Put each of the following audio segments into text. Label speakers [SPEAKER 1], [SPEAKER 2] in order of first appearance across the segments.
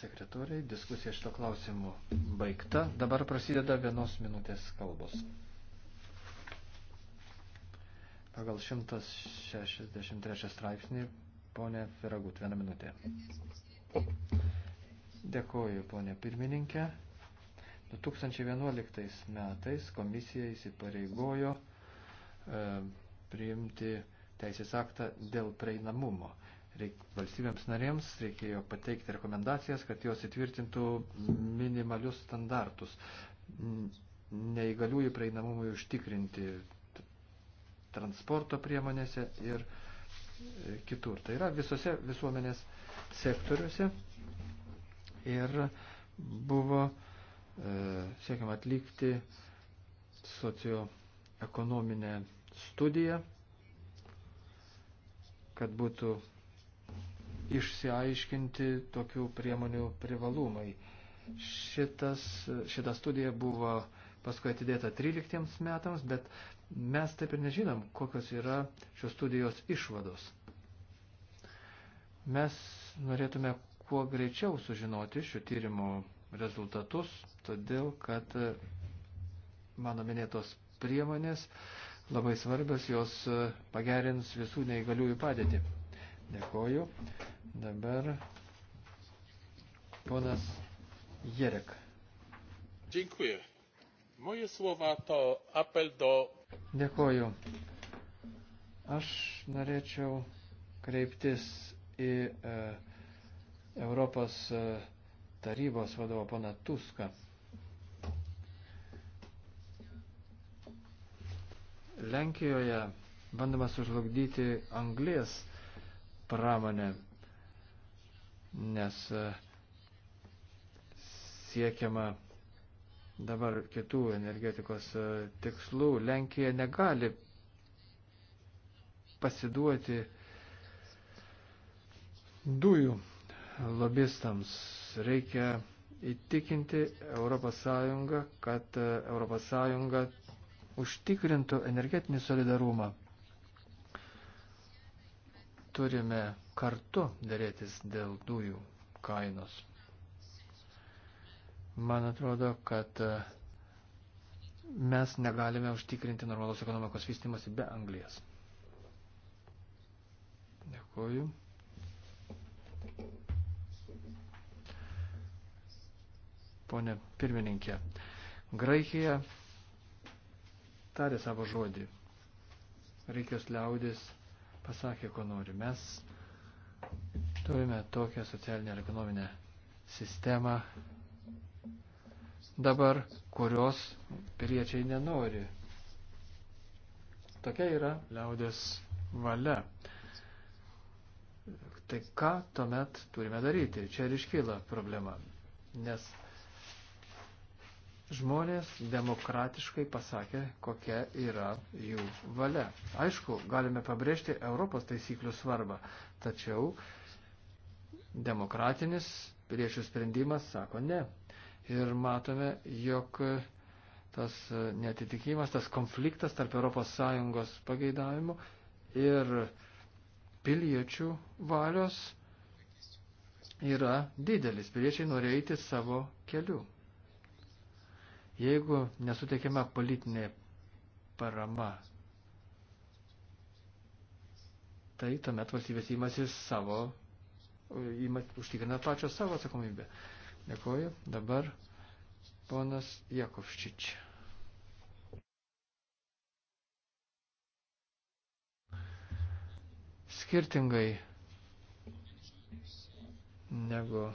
[SPEAKER 1] sekretoriai. Diskusija šito klausimu baigta. Dabar prasideda vienos minutės kalbos. Pagal 163 straipsnį, ponė Firagut, vieną minutę. Dėkoju, ponė pirmininkė. 2011 metais komisija įsipareigojo e, priimti teisės aktą dėl prieinamumo. E, reik, valstybėms narėms reikėjo pateikti rekomendacijas, kad jos įtvirtintų minimalius standartus neįgaliųjų prieinamumui užtikrinti transporto priemonėse ir e, kitur. Tai yra visose visuomenės sektoriuose ir buvo e, siekiama atlikti socioekonominę studiją, kad būtų išsiaiškinti tokių priemonių privalumai. Šitas, šita studija buvo paskui atidėta 13 metams, bet mes taip ir nežinom, kokios yra šios studijos išvados. Mes norėtume kuo greičiau sužinoti šių tyrimų rezultatus, todėl kad e, mano minėtos priemonės labai svarbios, jos e, pagerins visų neįgaliųjų padėtį. Dėkoju. Dabar ponas Jerek. Dziękuję. Moje słowa to apel do. Dėkoju. Aš norėčiau kreiptis į e, Europos e, tarybos vadovą pana Tuską. Lenkijoje bandoma sužlugdyti anglės pramonę, nes e, siekiama dabar kitų energetikos e, tikslų. Lenkija negali pasiduoti dujų lobistams. Reikia įtikinti ES, kad ES užtikrintų energetinį solidarumą turime kartu dėrėtis dėl dujų kainos. Man atrodo, kad e, mes negalime užtikrinti normalos ekonomikos vystimosi be Anglijas. Dėkuoju. Pone pirmininkė, Graikija tarė savo žodį. Reikės liaudės pasakė, ko nori. Mes turime tokią socialinę ir ekonominę sistemą dabar, kurios piliečiai nenori. Tokia yra liaudės valia. Tai ką tuomet turime daryti? Čia ir iškyla problema. Nes žmonės demokratiškai pasakė, kokia yra jų valia. Aišku, galime pabrėžti Europos taisyklių svarbą, tačiau demokratinis piliečių sprendimas sako ne. Ir matome, jog tas netitikimas, tas konfliktas tarp ES pageidavimų ir piliečių valios yra didelis. Piliečiai norėjo eiti savo keliu. Jeigu nesuteikiama politinė parama, tai tuomet valstybės įmasis savo, įmas, užtikrina pačią savo atsakomybę. Dėkuoju. Dabar ponas Jakovščič. Skirtingai negu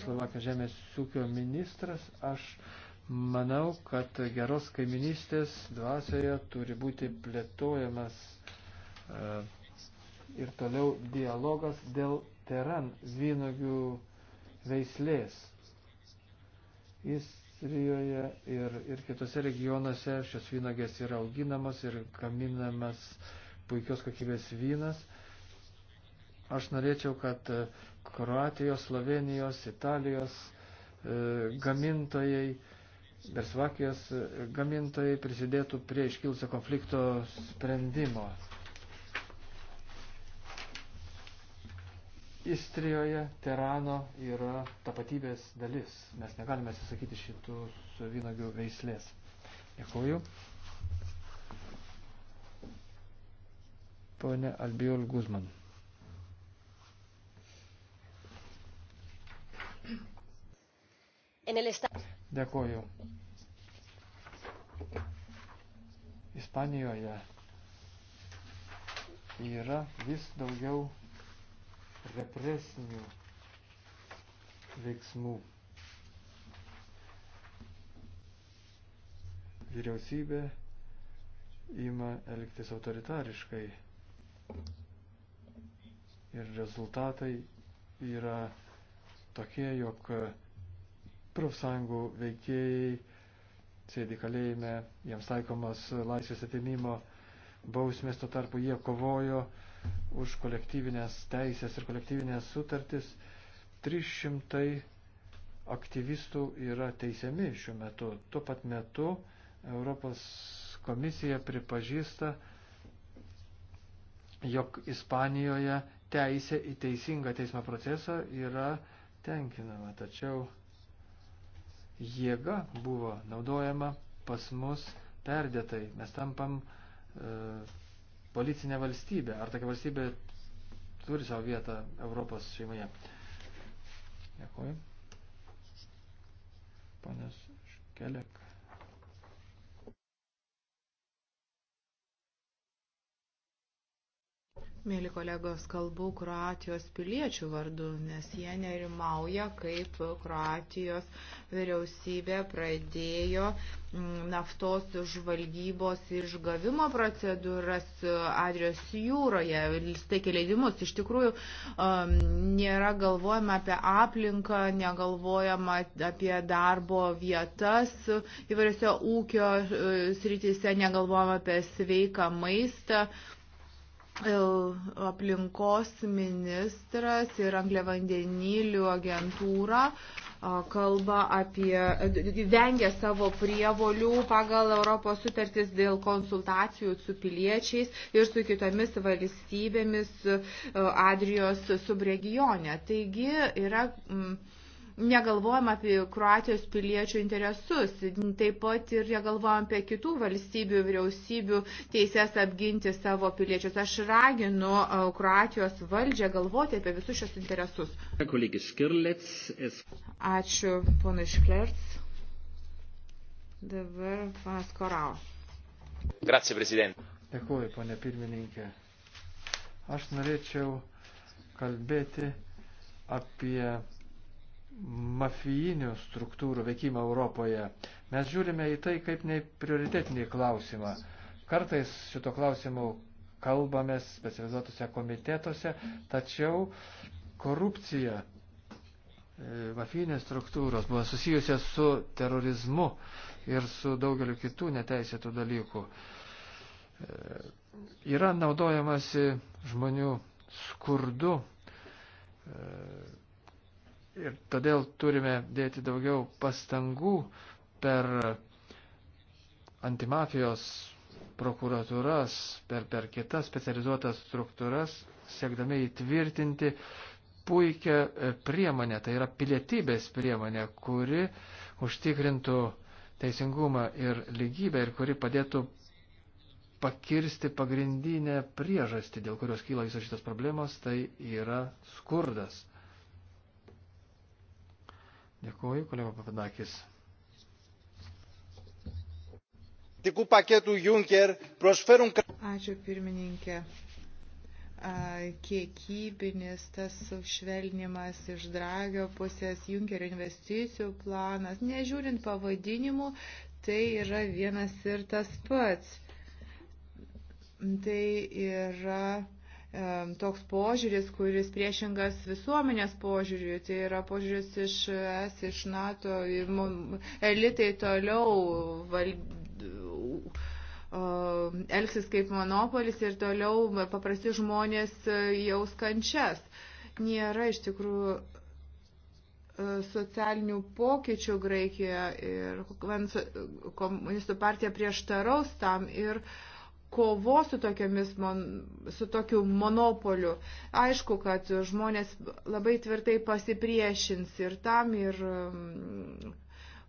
[SPEAKER 1] Slovakijos žemės ūkio ministras, aš manau, kad geros kaiminystės dvasioje turi būti plėtojamas e, ir toliau dialogas dėl teran vynogių veislės. Istrijoje ir, ir kitose regionuose šios vynogės yra auginamas ir gaminamas puikios kokybės vynas. Aš norėčiau, kad e, Kroatijos, Slovenijos, Italijos e, gamintojai, Bersvakijos e, gamintojai prisidėtų prie iškilusio konflikto sprendimo. Istrijoje Terano yra tapatybės dalis. Mes negalime atsisakyti šitų su vynogių veislės. Dėkuoju. Pone Albiol Guzman. Dėkuoju. Ispanijoje yra vis daugiau represinių veiksmų. Vyriausybė ima elgtis autoritariškai ir rezultatai yra tokie, jog profsąjungų veikėjai sėdi kalėjime, jiems taikomas laisvės atimimo bausmės, tuo tarpu jie kovojo už kolektyvinės teisės ir kolektyvinės sutartis. 300 aktyvistų yra teisiami šiuo metu. Tuo pat metu Europos komisija pripažįsta, jog Ispanijoje teisė į teisingą teismo procesą yra tenkinama. Tačiau jėga buvo naudojama pas mus perdėtai. Mes tampam e, policinę valstybę. Ar tokia valstybė turi savo vietą Europos šeimoje? Dėkuoju. Panas Škelek.
[SPEAKER 2] Mėly kolegos, kalbu Kroatijos piliečių vardu, nes jie nerimauja, kaip Kroatijos vyriausybė pradėjo mm, naftos žvalgybos išgavimo procedūras Adrijos jūroje, steikė leidimus. Iš tikrųjų, um, nėra galvojama apie aplinką, negalvojama apie darbo vietas įvairiose ūkio uh, srityse, negalvojama apie sveiką maistą aplinkos ministras ir angliavandenilių agentūra kalba apie, vengia savo prievolių pagal Europos sutartis dėl konsultacijų su piliečiais ir su kitomis valstybėmis Adrijos subregionė. Taigi yra. Mm, negalvojam apie Kroatijos piliečių interesus, taip pat ir negalvojam apie kitų valstybių vyriausybių teises apginti savo piliečius. Aš raginu e, Kroatijos valdžią galvoti apie visus šios interesus. Ačiū, ponai
[SPEAKER 1] Šklerts. Dabar panas Korau. Grazie, prezident. Dėkuoju, ponė pirmininkė. Aš norėčiau kalbėti apie mafijinių struktūrų veikimą Europoje. Mes žiūrime į tai kaip ne prioritetinį klausimą. Kartais šito klausimu kalbame specializuotose komitetuose, tačiau korupcija, e, mafijinės struktūros buvo susijusios su terorizmu ir su daugeliu kitų neteisėtų dalykų. E, yra naudojamasi žmonių skurdu e, Ir todėl turime dėti daugiau pastangų per antimafijos prokuratūras, per, per kitas specializuotas struktūras, siekdami įtvirtinti puikią e, priemonę, tai yra pilietybės priemonė, kuri užtikrintų teisingumą ir lygybę ir kuri padėtų pakirsti pagrindinę priežastį, dėl kurios kyla visos šitos problemos, tai yra skurdas. Dėkuoju, kolega Papadakis.
[SPEAKER 2] Ačiū pirmininkė kiekybinis tas švelnimas iš dragio pusės, Junkerio investicijų planas, nežiūrint pavadinimų, tai yra vienas ir tas pats. Tai yra toks požiūris, kuris priešingas visuomenės požiūriui, tai yra požiūris iš ES, iš NATO, elitai toliau val... elgsis kaip monopolis ir toliau paprasti žmonės e, jaus kančias. Nėra iš tikrųjų e, socialinių pokyčių Graikijoje ir komunistų partija prieštaraus tam ir uh, kovos su, mon, su tokiu monopoliu. Aišku, kad žmonės labai tvirtai pasipriešins ir tam, ir mm,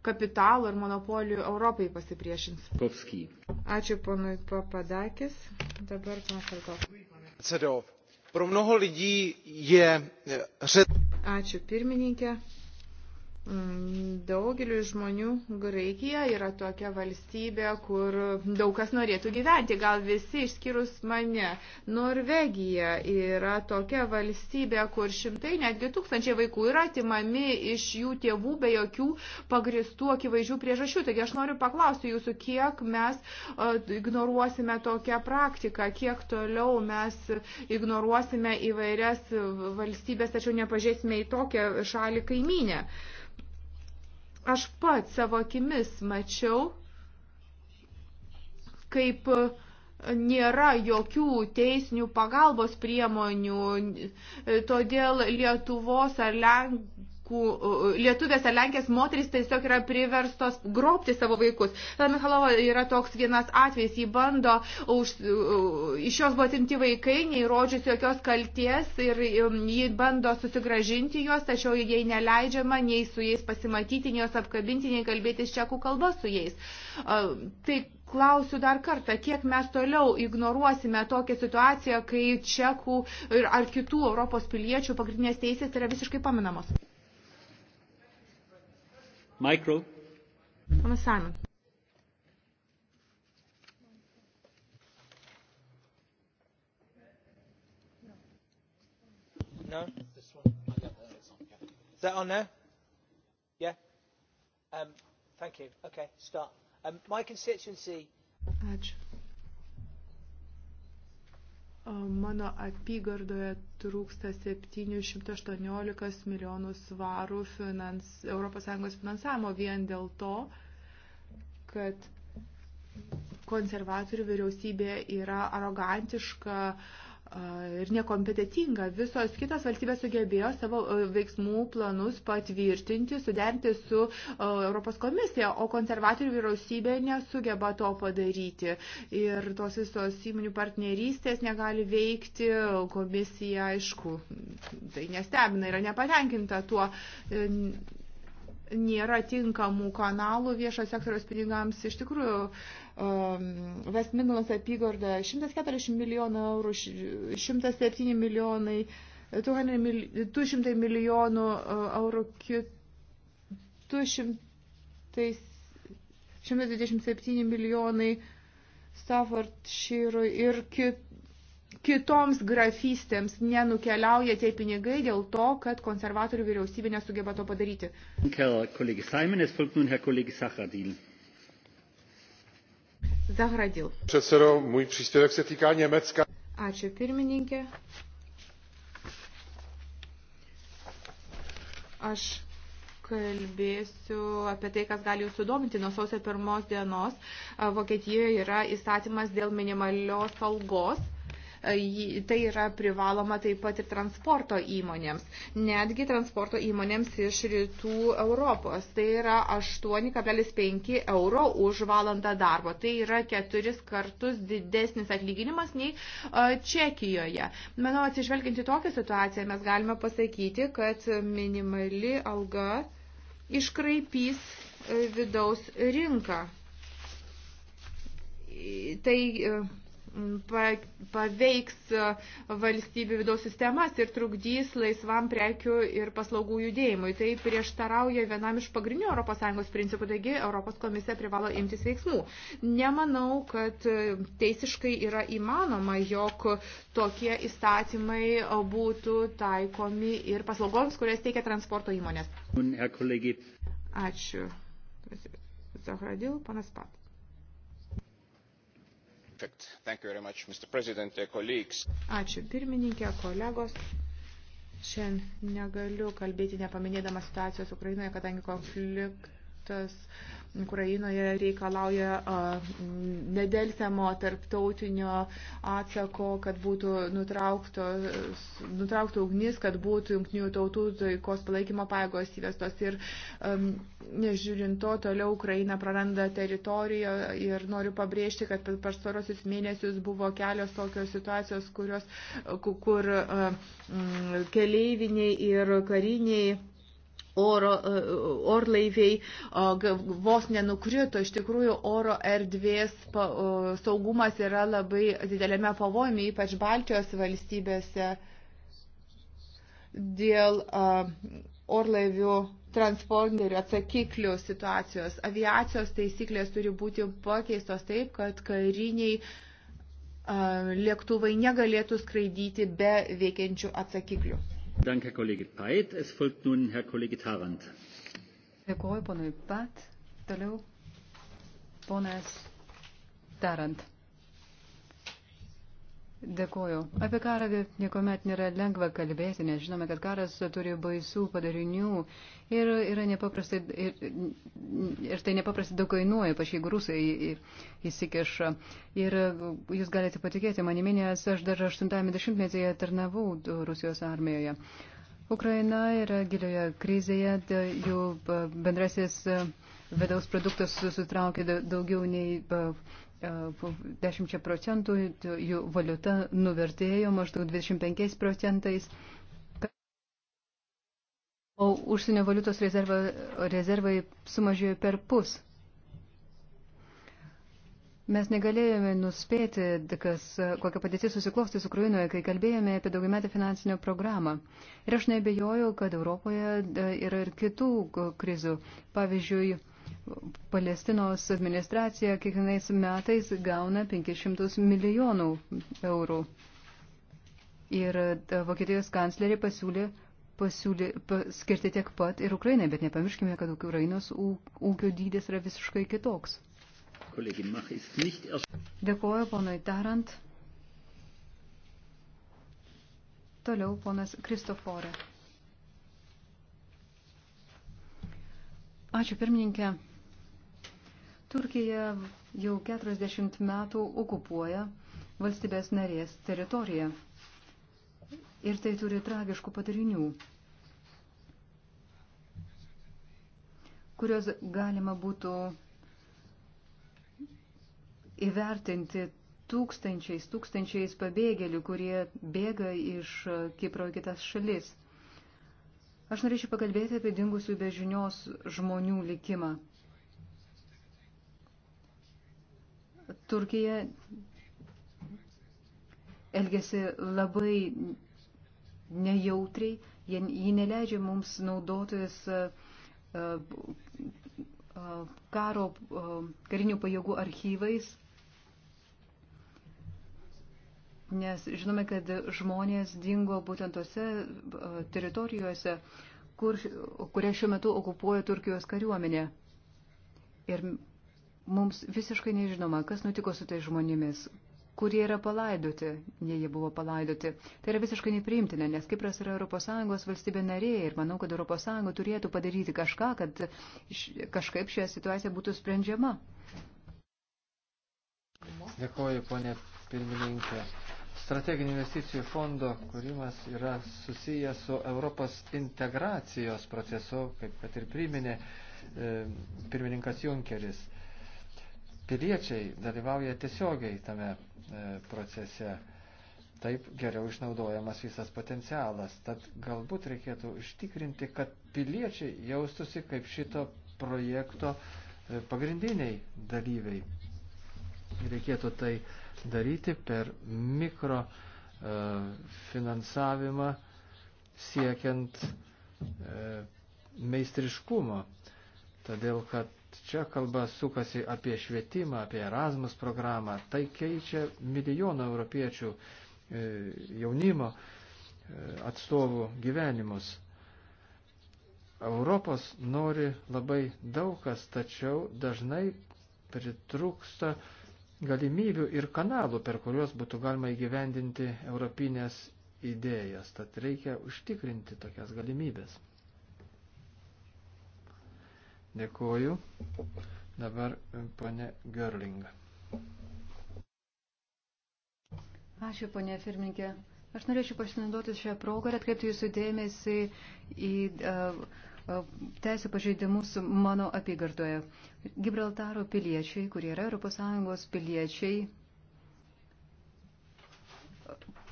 [SPEAKER 2] kapitalų, ir monopolių Europai pasipriešins. Kovsky. Ačiū ponui Papadakis. Dabar panas
[SPEAKER 1] Pro mnoho lidí je...
[SPEAKER 2] Ačiū pirmininkė. Mm, Daugeliu žmonių Graikija yra tokia valstybė, kur daug kas norėtų gyventi, gal visi išskyrus mane. Norvegija yra tokia valstybė, kur šimtai, netgi tūkstančiai vaikų yra atimami iš jų tėvų be jokių pagristų akivaizdžių priežasčių. Taigi aš noriu paklausti jūsų, kiek mes e, ignoruosime tokią praktiką, kiek toliau mes ignoruosime įvairias valstybės, tačiau nepažėsime į tokią šalį kaiminę. Aš pat savo akimis mačiau, kaip e, nėra jokių teisinių pagalbos priemonių, e, todėl Lietuvos ar Lenk lietuvės ar lenkės moteris tiesiog yra priverstos grobti savo vaikus. Michalova yra toks vienas atvejis, jį bando, už, iš jos buvo atimti vaikai, neįrodžius jokios kalties ir um, jį bando susigražinti juos, tačiau jai neleidžiama nei su jais pasimatyti, nei jos apkabinti, nei kalbėtis čekų kalba su jais. Tai klausiu dar kartą, kiek mes toliau ignoruosime tokią situaciją, kai čekų ar kitų Europos piliečių pagrindinės teisės yra visiškai paminamos. Micro. Pana Simon.
[SPEAKER 1] No? This one? Oh, yeah, it's on. Yeah. Is that on now? Yeah? Um, thank you. Okay, start. Um, my constituency.
[SPEAKER 2] Ačiū. Mano apygardoje trūksta 718 milijonų svarų finans, ES finansavimo vien dėl to, kad konservatorių vyriausybė yra arogantiška, uh, ir nekompetentinga. Visos kitos valstybės sugebėjo savo veiksmų planus patvirtinti, suderinti su Europos komisija, o konservatorių vyriausybė nesugeba to padaryti. Ir tos visos įmonių partnerystės negali veikti, komisija, aišku, tai nestebina, yra nepatenkinta tuo e, nėra tinkamų kanalų viešo sektoriaus pinigams. Iš tikrųjų, Um, West Midlands apygarda 140 milijonų eurų, 107 milijonai, 200 milijonų uh, eurų, 127 milijonai Staffordshire ir kit, kitoms grafystėms nenukeliauja tie pinigai dėl to, kad konservatorių vyriausybė nesugeba to padaryti.
[SPEAKER 1] Herr Kollege Simon, es folgt nun Herr Kollege Sachadil.
[SPEAKER 2] Zahradil.
[SPEAKER 1] Předsedo, můj příspěvek se týká Německa.
[SPEAKER 2] Ačiū pirmininkė. Aš kalbėsiu apie tai, kas gali jūsų dominti. Nuo sausio pirmos dienos Vokietijoje yra įstatymas dėl minimalios algos tai yra privaloma taip pat ir transporto įmonėms, netgi transporto įmonėms iš rytų Europos. Tai yra 8,5 euro už valandą darbo. Tai yra keturis kartus didesnis atlyginimas nei Čekijoje. Manau, atsižvelgiant į tokią situaciją, mes galime pasakyti, kad minimali alga iškraipys e, vidaus rinką. Tai e, paveiks e, valstybių vidaus sistemas ir trukdys laisvam prekių ir paslaugų judėjimui. Tai prieštarauja vienam iš pagrindinių ES principų, taigi ES komisija privalo imtis veiksmų. Nemanau, kad e, teisiškai yra įmanoma, jog tokie įstatymai e, būtų taikomi ir paslaugoms, kurias teikia transporto įmonės. Ačiū. Zahradil, panas Pat.
[SPEAKER 1] Ačiū
[SPEAKER 2] pirmininkė, kolegos. Šiandien negaliu kalbėti nepaminėdama situacijos Ukrainoje, kadangi konfliktas Ukrainoje reikalauja nedelsiamo tarptautinio atsako, kad būtų nutraukta ugnis, kad būtų jungtinių tautų taikos palaikymo pajėgos įvestos. Ir nežiūrint to, toliau Ukraina praranda teritoriją ir noriu pabrėžti, kad per starosius mėnesius buvo kelios tokios situacijos, kurios, kur keleiviniai ir kariniai oro, e, orlaiviai vos nenukrito, iš tikrųjų oro erdvės pa, saugumas yra labai didelėme pavojime, ypač Baltijos valstybėse dėl orlaivių transponderių atsakiklių situacijos. Aviacijos taisyklės turi būti pakeistos taip, kad kariniai lėktuvai negalėtų skraidyti be veikiančių atsakiklių.
[SPEAKER 1] Danke, kolegė Pait. Es folgt nun Herr kolegė Tarant.
[SPEAKER 3] Dėkuoju, ponui Pat. Toliau, ponas Tarant. Dėkuoju. Apie karą niekuomet nėra lengva kalbėti, nes žinome, kad karas turi baisų padarinių ir, yra nepaprastai, ir, ir tai nepaprastai daug kainuoja, paš jeigu rusai įsikeša. Ir jūs galite patikėti, manimi, nes aš dar 80-metyje tarnavau Rusijos armijoje. Ukraina yra gilioje krizėje, jų e, bendrasis e, vidaus produktas sutraukė daugiau nei e, 10 e, procentų, jų valiuta nuvertėjo maždaug 25 procentais. O užsienio valiutos rezerva, rezervai sumažėjo per pus. Mes negalėjome nuspėti, kas, kokia padėtis susiklostys Ukrainoje, kai kalbėjome apie daugiametę finansinę programą. Ir aš nebejoju, kad Europoje yra ir kitų krizių. Pavyzdžiui, Palestinos administracija kiekvienais metais gauna 500 milijonų eurų. Ir e, Vokietijos kanclerė pasiūlė, pasiūlė skirti tiek pat ir Ukrainai, bet nepamirškime, kad Ukrainos
[SPEAKER 1] ūkio
[SPEAKER 3] dydis yra visiškai kitoks.
[SPEAKER 1] Dėkuoju
[SPEAKER 3] ponui Tarant. Toliau ponas Kristoforė. Ačiū pirmininkė. Turkija jau 40 metų okupuoja valstybės narės teritoriją. Ir tai turi tragiškų padarinių, kurios galima būtų įvertinti tūkstančiais, tūkstančiais pabėgėlių, kurie bėga iš Kipro į kitas šalis. Aš norėčiau pakalbėti apie dingusių bežinios žmonių likimą. Turkija elgesi labai nejautriai, ji neleidžia mums naudotis e, e, karo e, karinių pajėgų archyvais nes žinome, kad žmonės dingo būtent tose teritorijuose, kur, kurie šiuo metu okupuoja Turkijos kariuomenė. Ir mums visiškai nežinoma, kas nutiko su tai žmonėmis, kurie yra palaidoti, jei jie buvo palaidoti. Tai yra visiškai nepriimtina, nes Kipras yra ES valstybė narė ir manau, kad ES turėtų padaryti kažką, kad kažkaip šią situaciją būtų sprendžiama.
[SPEAKER 1] Dėkoju, ponė pirmininkė strateginių investicijų fondo kūrimas yra susijęs su Europos integracijos procesu, kaip kad ir priminė e, pirmininkas Junkeris. Piliečiai dalyvauja tiesiogiai tame e, procese. Taip geriau išnaudojamas visas potencialas. Tad galbūt reikėtų užtikrinti, kad piliečiai jaustusi kaip šito projekto e, pagrindiniai dalyviai reikėtų tai daryti per mikro e, finansavimą siekiant e, meistriškumo. Todėl, kad čia kalba sukasi apie švietimą, apie Erasmus programą, tai keičia milijoną europiečių e, jaunimo atstovų gyvenimus. Europos nori labai daug kas, tačiau dažnai pritrūksta uh, galimybių ir kanalų, per kuriuos būtų galima įgyvendinti europinės idėjas, tad reikia užtikrinti tokias galimybės. Dėkuoju. Dabar e, ponė Görling.
[SPEAKER 3] Ačiū, ponė Firminkė. Aš norėčiau pasinaudoti šią progą ir atkreipti jūsų dėmesį į. Uh, teisų pažeidimus mano apygardoje. Gibraltaro piliečiai, kurie yra ES piliečiai,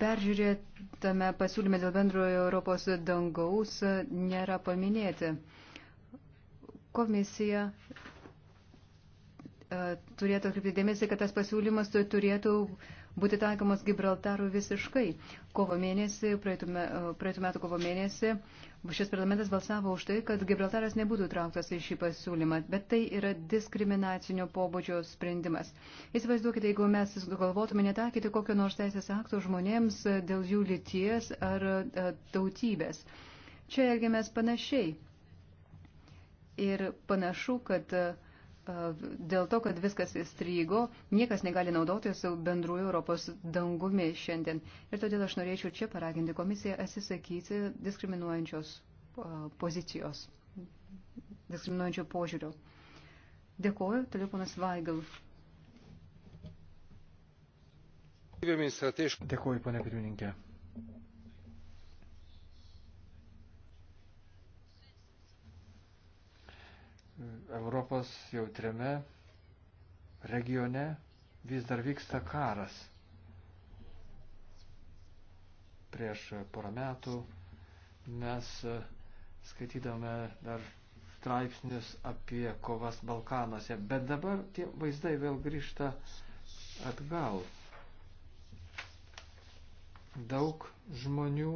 [SPEAKER 3] peržiūrėtame pasiūlyme dėl bendrojo Europos dangaus nėra paminėti. Komisija e, turėtų atkreipti dėmesį, kad tas pasiūlymas turėtų uh, būti taikomos Gibraltarų visiškai. Kovo mėnesį, praeitų metų kovo mėnesį, šis parlamentas balsavo už tai, kad Gibraltaras nebūtų trauktas į šį pasiūlymą, bet tai yra diskriminacinio pobūdžio sprendimas. Įsivaizduokite, jeigu mes galvotume netakyti kokio nors teisės akto žmonėms dėl jų lyties ar e, tautybės. Čia elgiamės panašiai. Ir panašu, kad uh, dėl to, kad viskas įstrygo, niekas negali naudotis bendruoju Europos dangumi šiandien. Ir todėl aš norėčiau čia paraginti komisiją atsisakyti diskriminuojančios pozicijos, diskriminuojančio požiūrio. Dėkuoju, toliau ponas Vaigal.
[SPEAKER 1] Dėkuoju, ponė pirmininkė. Europos jautriame regione vis dar vyksta karas. Prieš porą metų mes skaitydame dar straipsnius apie kovas Balkanuose, bet dabar tie vaizdai vėl grįžta atgal. Daug žmonių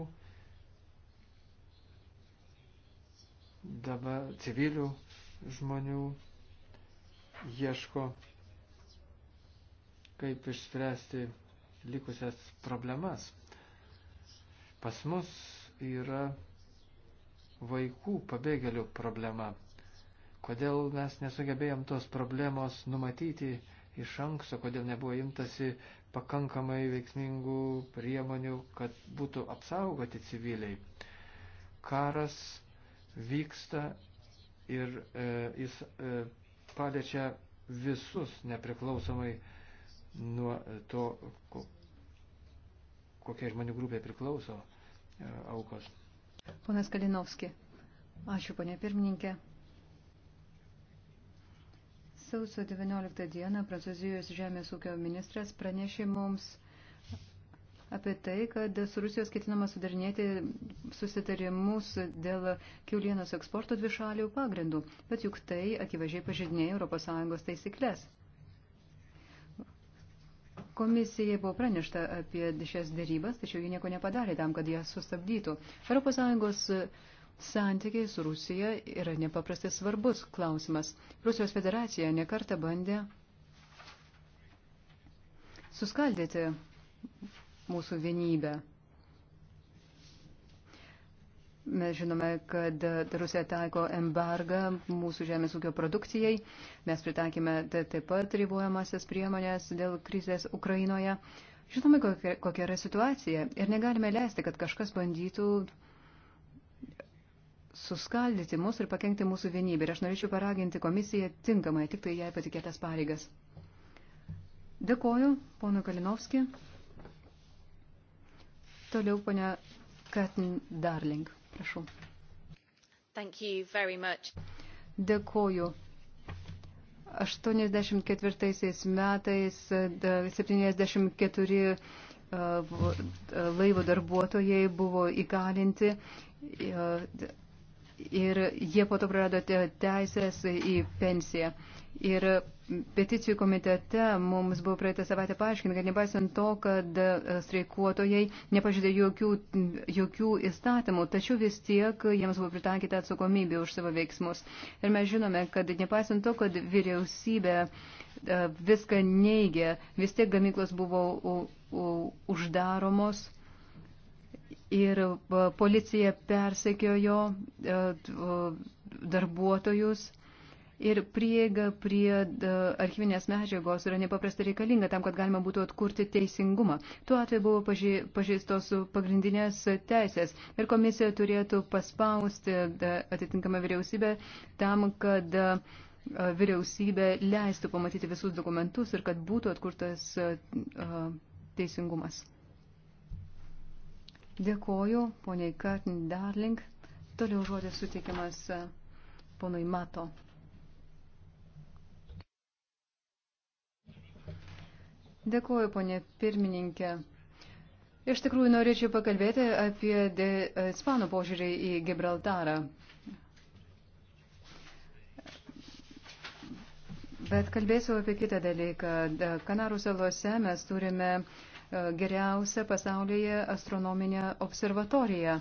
[SPEAKER 1] dabar civilių žmonių ieško, kaip išspręsti likusias problemas. Pas mus yra vaikų pabėgėlių problema. Kodėl mes nesugebėjom tos problemos numatyti iš anksto, kodėl nebuvo imtasi pakankamai veiksmingų priemonių, kad būtų apsaugoti civiliai. Karas vyksta ir e, jis e, paliečia visus nepriklausomai nuo to, ko, kokia žmonių grupė priklauso e, aukos.
[SPEAKER 3] Ponas Kalinovski, ačiū ponė pirmininkė. Sausio 19 dieną Prancūzijos žemės ūkio ministras pranešė mums apie tai, kad su Rusijos ketinama sudarinėti susitarimus dėl kiaulienos eksporto dvišalių pagrindų, bet juk tai akivaizdžiai pažydinėja ES taisyklės. Komisijai buvo pranešta apie šias dėrybas, tačiau ji nieko nepadarė tam, kad jas sustabdytų. ES santykiai su Rusija yra nepaprastai svarbus klausimas. Rusijos federacija nekarta bandė suskaldyti mūsų vienybę. Mes žinome, kad Rusija taiko embargą mūsų žemės ūkio produkcijai. Mes pritaikėme taip pat ribojamasias priemonės dėl krizės Ukrainoje. Žinome, kokia, kokia yra situacija ir negalime leisti, kad kažkas bandytų suskaldyti mus ir pakengti mūsų vienybę. Ir aš norėčiau paraginti komisiją tinkamai, tik tai jai patikėtas pareigas. Dėkoju, pono Kalinovski. Toliau ponia Katin Darling, prašau. Dėkoju. 84 metais 74 laivo darbuotojai buvo įgalinti ir jie po to prarado teisės į pensiją. Ir peticijų komitete mums buvo praeitą savaitę paaiškinta, kad nepaisant to, kad e, streikuotojai nepažydė jokių, jokių įstatymų, tačiau vis tiek jiems buvo pritaikyta atsakomybė už savo veiksmus. Ir mes žinome, kad nepaisant to, kad vyriausybė e, viską neigė, vis tiek gamyklos buvo uždaromos. Ir e, policija persekiojo darbuotojus. Ir prieiga prie archyvinės medžiagos yra nepaprastai reikalinga tam, kad galima būtų atkurti teisingumą. Tuo atveju buvo pažeistos pagrindinės teisės ir komisija turėtų paspausti atitinkamą vyriausybę tam, kad vyriausybė leistų pamatyti visus dokumentus ir kad būtų atkurtas teisingumas. Dėkoju, poniai Kartin Darling. Toliau žodis sutikimas ponui Mato. Dėkuoju, ponė pirmininkė. Iš tikrųjų, norėčiau pakalbėti apie e, ispanų požiūrį į Gibraltarą. Bet kalbėsiu apie kitą dalyką. Kanarų salose mes turime uh, geriausia pasaulyje astronominė observatorija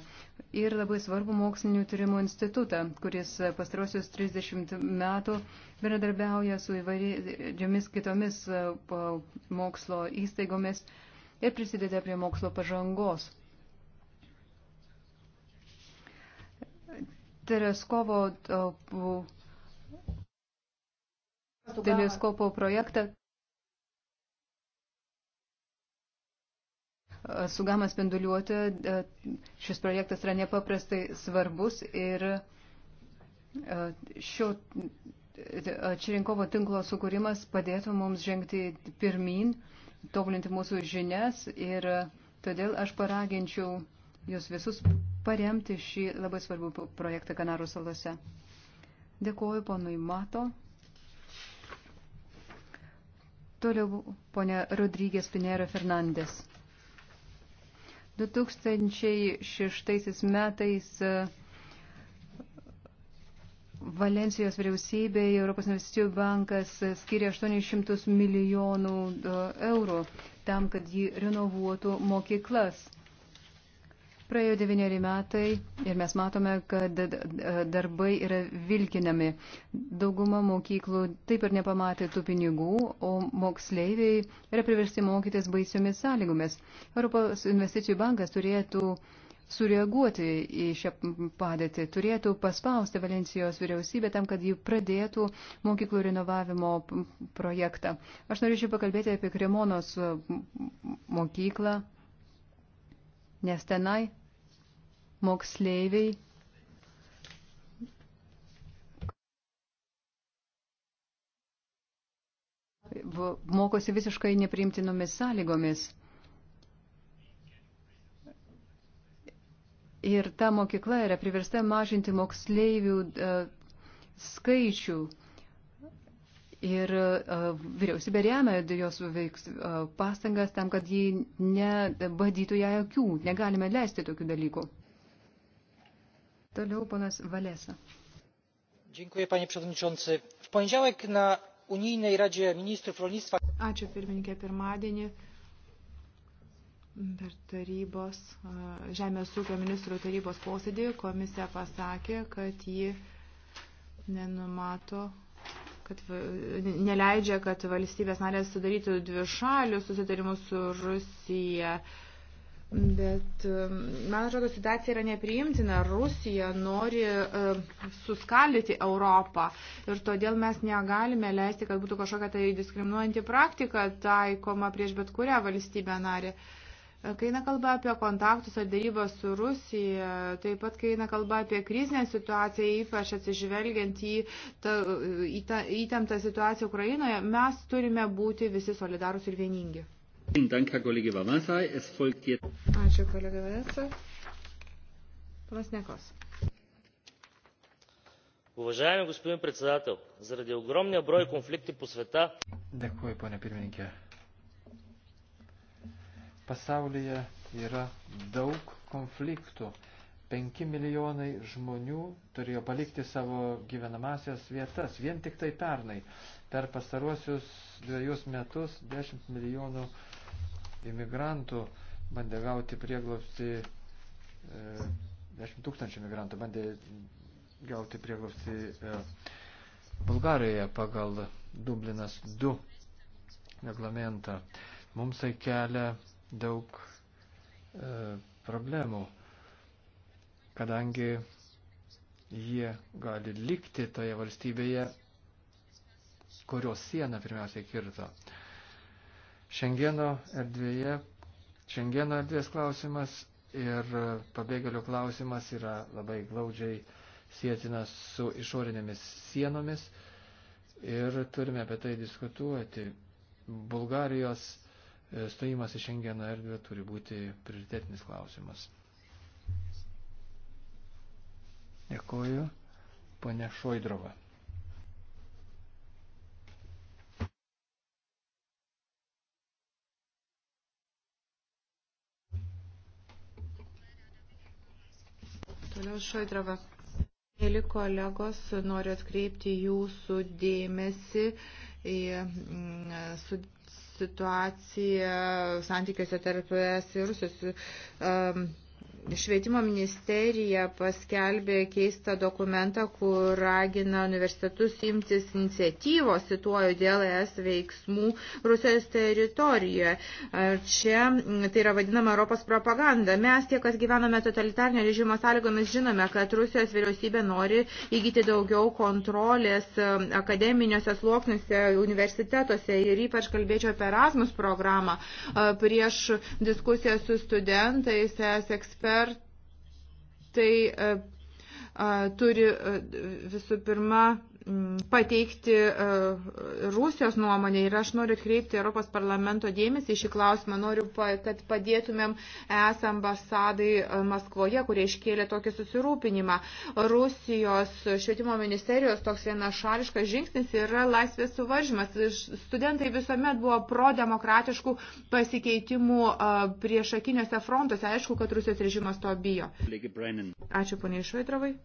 [SPEAKER 3] ir labai svarbu mokslinių tyrimų institutą, kuris pastarosius 30 metų bendradarbiauja su įvairiomis kitomis e, mokslo įstaigomis ir prisideda prie mokslo pažangos. Tereskovo teleskopo projektą su gamą spinduliuotė e, šis projektas yra nepaprastai svarbus ir e, šio e, Čirinkovo tinklo sukūrimas padėtų mums žengti pirmin, tobulinti mūsų žinias ir todėl aš paraginčiau jūs visus paremti šį labai svarbų projektą Kanarų salose. Dėkuoju ponui Mato. Toliau ponia Rodrygės Pinero Fernandes. 2006 metais e, Valencijos vyriausybė Europos investicijų bankas skiria 800 milijonų e, eurų tam, kad jį renovuotų mokyklas. Praėjo devyneri metai ir mes matome, kad darbai yra vilkinami. Dauguma mokyklų taip ir nepamatė tų pinigų, o moksleiviai yra priversti mokytis baisiomis sąlygomis. Europos investicijų bankas turėtų sureaguoti į šią padėtį, turėtų paspausti Valencijos vyriausybę tam, kad jį pradėtų mokyklų renovavimo projektą. Aš norėčiau pakalbėti apie Kremonos mokyklą nes tenai moksleiviai mokosi visiškai nepriimtinomis sąlygomis. Ir ta mokykla yra priversta mažinti moksleivių uh, skaičių. Ir e, vyriausybė remia jos veiks e, pastangas tam, kad ji nebadytų ją akių. Negalime leisti tokių dalykų. Toliau ponas Valesa.
[SPEAKER 1] Dziękuję, panie przewodniczący. W
[SPEAKER 2] poniedziałek na unijnej Radzie Ministrów Rolnictwa. Ačiū pirmininkė pirmadienį per tarybos, e, Žemės ūkio ministrų tarybos posėdį komisija pasakė, kad ji nenumato kad neleidžia, kad valstybės narės sudarytų dvišalių susitarimus su Rusija. Bet um, man atrodo, situacija yra nepriimtina. Rusija nori uh, suskaldyti Europą ir todėl mes negalime leisti, kad būtų kažkokia tai diskriminuojanti praktika taikoma prieš bet kurią valstybę narį. Uh, Kai eina kalba apie kontaktus ar dėrybas su Rusija, taip pat kai eina kalba apie krizinę situaciją, ypač atsižvelgiant į tą įtemptą situaciją Ukrainoje, mes turime būti visi solidarus ir vieningi. Ačiū, kolega Vanesa. Panas
[SPEAKER 1] Nekos. Уважаеми господин председател, заради огромния брой конфликти по света. Дякую, пане пирменке. Pasaulyje yra daug konfliktų. 5 milijonai žmonių turėjo palikti savo gyvenamasias vietas. Vien tik tai pernai. Per pastaruosius dviejus metus 10 milijonų imigrantų bandė gauti prieglobstį, 10 e, tūkstančių imigrantų bandė gauti prieglobstį e, Bulgarijoje pagal Dublinas 2 reglamentą. Mums tai kelia daug e, problemų, kadangi jie gali likti toje valstybėje, kurios siena pirmiausiai kirto. Šengeno erdvėje, Šengeno erdvės klausimas ir pabėgėlių klausimas yra labai glaudžiai sėtinas su išorinėmis sienomis ir turime apie tai diskutuoti. Bulgarijos stojimas į Šengeno erdvę turi būti prioritetinis klausimas. Dėkuoju, ponė Šoidrova.
[SPEAKER 2] Toliau Šoidrova. Mėly kolegos, noriu atkreipti jūsų dėmesį į mm, su situacija santykiuose tarp ES ir Rusijos. Um, Švietimo ministerija paskelbė keistą dokumentą, kur ragina universitetus imtis iniciatyvos, situoju dėl ES veiksmų Rusijos teritorijoje. Čia tai yra vadinama Europos propaganda. Mes tie, kas gyvename totalitarnio režimo sąlygomis, žinome, kad Rusijos vyriausybė nori įgyti daugiau kontrolės akademiniuose sluoksniuose, universitetuose ir ypač kalbėčiau apie Erasmus programą. Prieš diskusiją su studentais, es ekspertais, ekspertai e, turi e, visų pirma Mm, pateikti e, Rusijos nuomonę ir aš noriu kreipti Europos parlamento dėmesį į šį klausimą. Noriu, kad padėtumėm es ambasadai e, Maskvoje, kurie iškėlė tokį susirūpinimą. Rusijos švietimo ministerijos toks vienašališkas žingsnis yra laisvės suvaržymas. Studentai visuomet buvo prodemokratiškų pasikeitimų e, priešakiniuose frontuose. Aišku, kad Rusijos režimas to bijo. Ačiū, poniai Švaitrovai.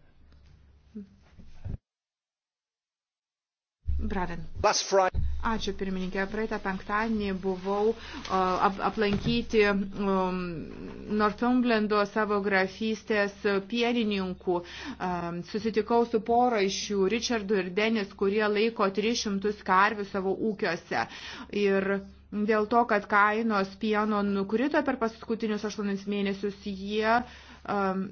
[SPEAKER 2] Braven. Ačiū pirmininkė. Praeitą penktadienį buvau ap aplankyti um, Northumblendo savo grafystės pienininkų. Um, susitikau su poro iš jų, Richardu ir Denis, kurie laiko 300 karvių savo ūkiuose. Ir dėl to, kad kainos pieno nukrito per paskutinius 8 mėnesius, jie um,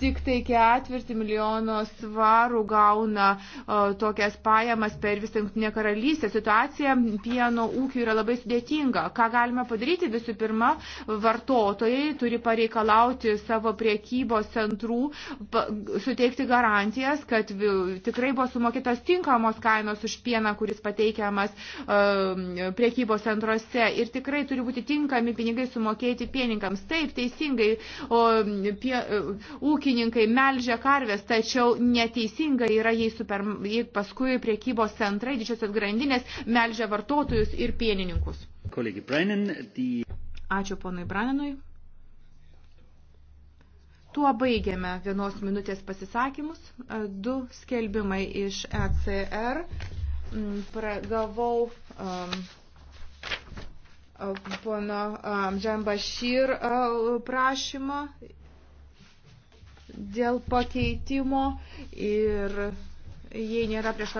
[SPEAKER 2] tik tai ketvirtį milijono svarų gauna o, tokias pajamas per visą Junktinę karalystę. Situacija pieno ūkių yra labai sudėtinga. Ką galime padaryti? Visų pirma, vartotojai turi pareikalauti savo priekybos centrų, pa, suteikti garantijas, kad vi, tikrai buvo sumokėtos tinkamos kainos už pieną, kuris pateikiamas o, priekybos centruose. Ir tikrai turi būti tinkami pinigai sumokėti pieninkams. Taip, teisingai. O, pie, ūkininkai melžia karvės, tačiau neteisinga yra, jei, super, jei paskui priekybos centrai, didžiosios grandinės melžia vartotojus ir pienininkus.
[SPEAKER 1] Brennan, die...
[SPEAKER 2] Ačiū ponui Braninui. Tuo baigiame vienos minutės pasisakymus. Du skelbimai iš ECR. Mm, gavau um, uh, pono um, Džembašyr uh, prašymą
[SPEAKER 3] dėl pakeitimo ir jei nėra prieštaravimų